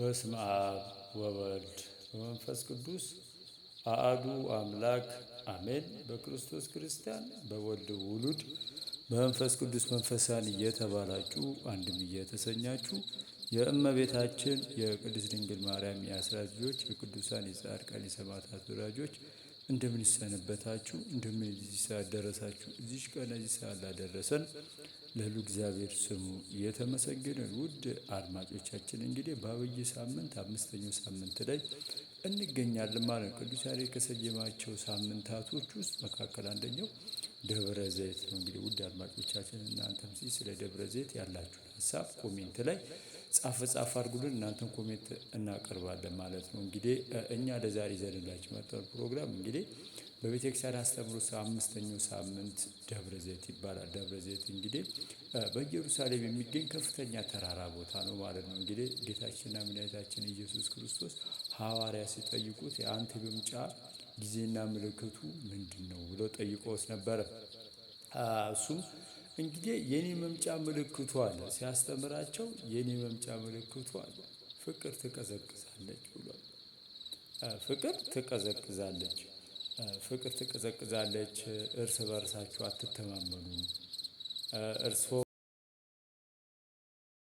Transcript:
በስም አብ ወወልድ በመንፈስ ቅዱስ አአዱ አምላክ አሜን። በክርስቶስ ክርስቲያን በወልድ ውሉድ በመንፈስ ቅዱስ መንፈሳን እየተባላችሁ አንድም እየተሰኛችሁ የእመቤታችን የቅድስት ድንግል ማርያም የአስራት ልጆች የቅዱሳን የጻድቃን የሰማዕታት ወዳጆች እንደምን ይሰነበታችሁ? እንደምን እዚህ ሰዓት ደረሳችሁ? እዚች ቀን እዚህ ሰዓት ላደረሰን ለሉ እግዚአብሔር ስሙ የተመሰገነ። ውድ አድማጮቻችን እንግዲህ በአብይ ሳምንት አምስተኛው ሳምንት ላይ እንገኛለን ማለት ነው። ቅዱስ ያሬድ ከሰየማቸው ሳምንታቶች ውስጥ መካከል አንደኛው ደብረ ዘይት ነው። እንግዲህ ውድ አድማጮቻችን እናንተም ስለ ደብረ ዘይት ያላችሁ ሀሳብ ኮሜንት ላይ ጻፍ ጻፍ አድርጉልን፣ እናንተን ኮሜንት እናቀርባለን ማለት ነው። እንግዲህ እኛ ለዛሬ ይዘንላችሁ መጠን ፕሮግራም እንግዲህ በቤተክርስቲያን አስተምሮ አምስተኛው ሳምንት ደብረ ዘይት ይባላል። ደብረ ዘይት እንግዲህ በኢየሩሳሌም የሚገኝ ከፍተኛ ተራራ ቦታ ነው ማለት ነው። እንግዲህ ጌታችንና መድኃኒታችን ኢየሱስ ክርስቶስ ሐዋርያ ሲጠይቁት የአንተ መምጫ ጊዜና ምልክቱ ምንድን ነው ብለው ጠይቆት ነበረ እሱም እንግዲህ የኔ መምጫ ምልክቱ አለ። ሲያስተምራቸው የኔ መምጫ ምልክቱ አለ። ፍቅር ትቀዘቅዛለች ብሏል። ፍቅር ትቀዘቅዛለች፣ ፍቅር ትቀዘቅዛለች። እርስ በርሳችሁ አትተማመኑ እርስ